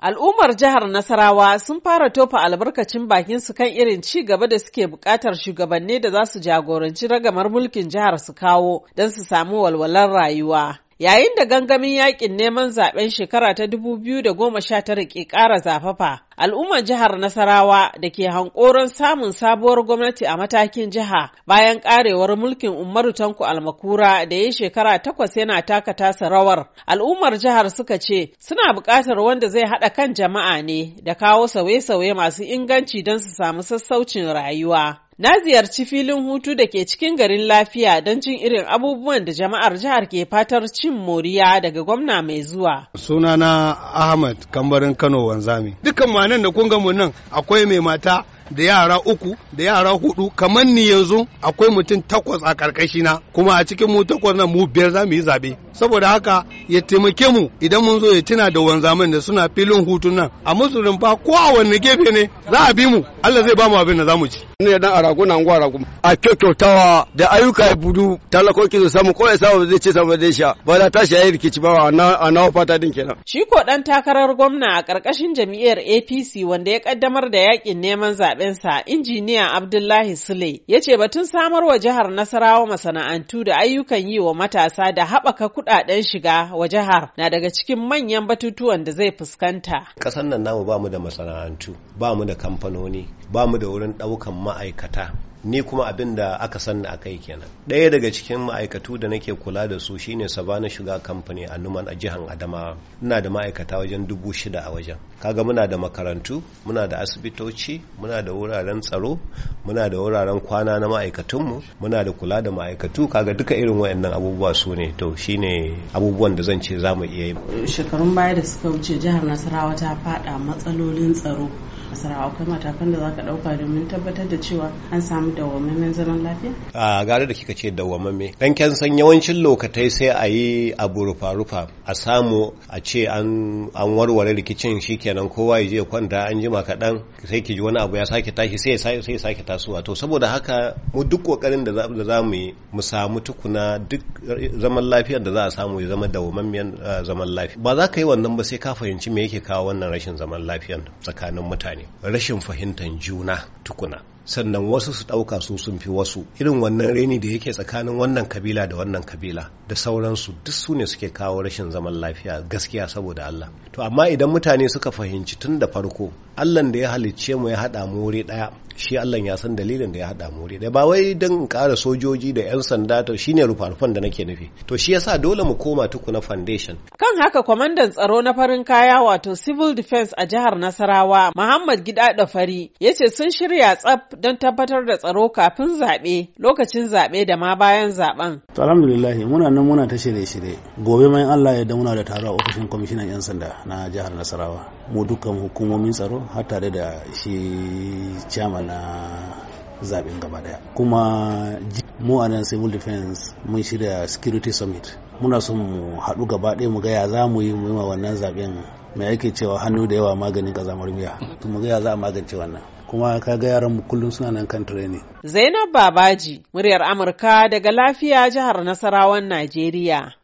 Al'ummar jihar Nasarawa sun fara tofa albarkacin bakinsu kan irin ci gaba da suke buƙatar shugabanni da za su jagoranci ragamar mulkin jihar su kawo don su samu walwalar rayuwa. Yayin da gangamin yakin neman zaben shekara ta 2019 ke ƙara zafafa, al'ummar jihar Nasarawa da ke hankoron samun sabuwar gwamnati a matakin jiha bayan karewar mulkin Umaru Tanko Almakura da ya shekara takwas yana taka tasa rawar. Al'ummar jihar suka ce suna buƙatar wanda zai haɗa kan jama'a ne da kawo sauye-sauye masu inganci don su samu sassaucin rayuwa. Na ziyarci filin hutu da ke cikin garin lafiya don cin irin abubuwan da jama'ar jihar ke fatar cin moriya daga gwamna mai zuwa. Sunana Ahmad Kambarin Kano Wanzami. Dukkan manan da kun mu nan akwai mai mata da yara uku da yara hudu kamar ni yanzu akwai mutum takwas a karkashi na kuma a cikin mu takwas na mu biyar za mu yi zabe saboda haka ya taimake mu idan mun zo ya tuna da wanzaman da suna filin hutun nan a musu rumfa ko a wanne gefe ne za a bi mu Allah zai ba mu abin da za mu ci ne dan arago na gwara arago a kyautawa da ayyuka ya budu talakoki su samu ko ya samu zai ce samu zai sha ba za ta shaye rikici ba a nawa fata din kenan shi ko dan takarar gwamna a karkashin jami'ar APC wanda ya kaddamar da yakin neman zaɓe zaɓensa injiniya Abdullahi Sule ya ce batun samar wa jihar Nasarawa masana'antu da ayyukan yi wa matasa da haɓaka kuɗaɗen shiga wa jihar na daga cikin manyan batutuwan da zai fuskanta. Ƙasar nan namu ba mu da masana'antu, ba mu da kamfanoni, ba mu da wurin ɗaukan ma'aikata. ni kuma abin da aka san a kai kenan ɗaya daga cikin ma'aikatu da nake kula da su shine sabana shiga kamfani a numan a jihar adama ina da ma'aikata wajen dubu shida a wajen kaga muna da makarantu muna da asibitoci muna da wuraren tsaro muna da wuraren kwana na ma'aikatunmu muna da kula da ma'aikatu kaga duka irin wayannan abubuwa su ne to shine abubuwan da zan ce za mu iya yi shekarun baya da suka wuce jihar nasarawa ta faɗa matsalolin tsaro masarawa akwai matakan da za ka ɗauka domin tabbatar da cewa an samu dawwammamen zaman lafiya? a gare da kika ce dawwammame dan kyan san yawancin lokatai sai a yi abu rufa-rufa a samu a ce an warware rikicin shikenan kowa ya je kwanta an jima kaɗan sai ki ji wani abu ya sake tashi sai ya sake tasowa to saboda haka mu duk ƙoƙarin da za mu yi mu samu tukuna duk zaman lafiyar da za a samu ya zama dawwammamiyan eh, zaman lafiya ba za ka yi wannan ba sai ka fahimci me yake kawo wannan rashin zaman lafiyar tsakanin mutane rashin fahimtar juna tukuna sannan wasu su ɗauka su sun fi wasu irin wannan reni da yake tsakanin wannan kabila da wannan kabila da sauransu duk su ne suke kawo rashin zaman lafiya gaskiya saboda Allah to amma idan mutane suka fahimci tun da farko Allah da ya halicce mu ya haɗa mu wuri ɗaya shi Allah ya san dalilin da ya haɗa mu wuri ɗaya ba wai don ƙara sojoji da 'yan sanda to shine rufa-rufan da nake nufi to shi yasa dole mu koma tukuna foundation kan haka kwamandan tsaro na farin kaya wato civil defense a jihar Nasarawa Muhammad Gida da Fari ce sun shirya tsaf don tabbatar da tsaro kafin zaɓe lokacin zaɓe da ma bayan zaɓen. To alhamdulillah muna nan muna ta shirye-shirye. Gobe mai Allah ya muna da taro a ofishin kwamishinan 'yan sanda na jihar Nasarawa. Mu dukkan hukumomin tsaro har tare da shi chairman na zaɓen gaba daya. Kuma mu a nan civil defense mun shirya security summit. Muna son mu haɗu gaba ɗaya mu ga ya za mu yi mu yi wannan zaɓen mai ake cewa hannu da yawa maganin kazamar miya. Mu ga ya za a magance wannan. kuma ka ga yaran mu kullum suna nan kan training Zainab Babaji muryar Amurka daga lafiya jihar Nasarawan Najeriya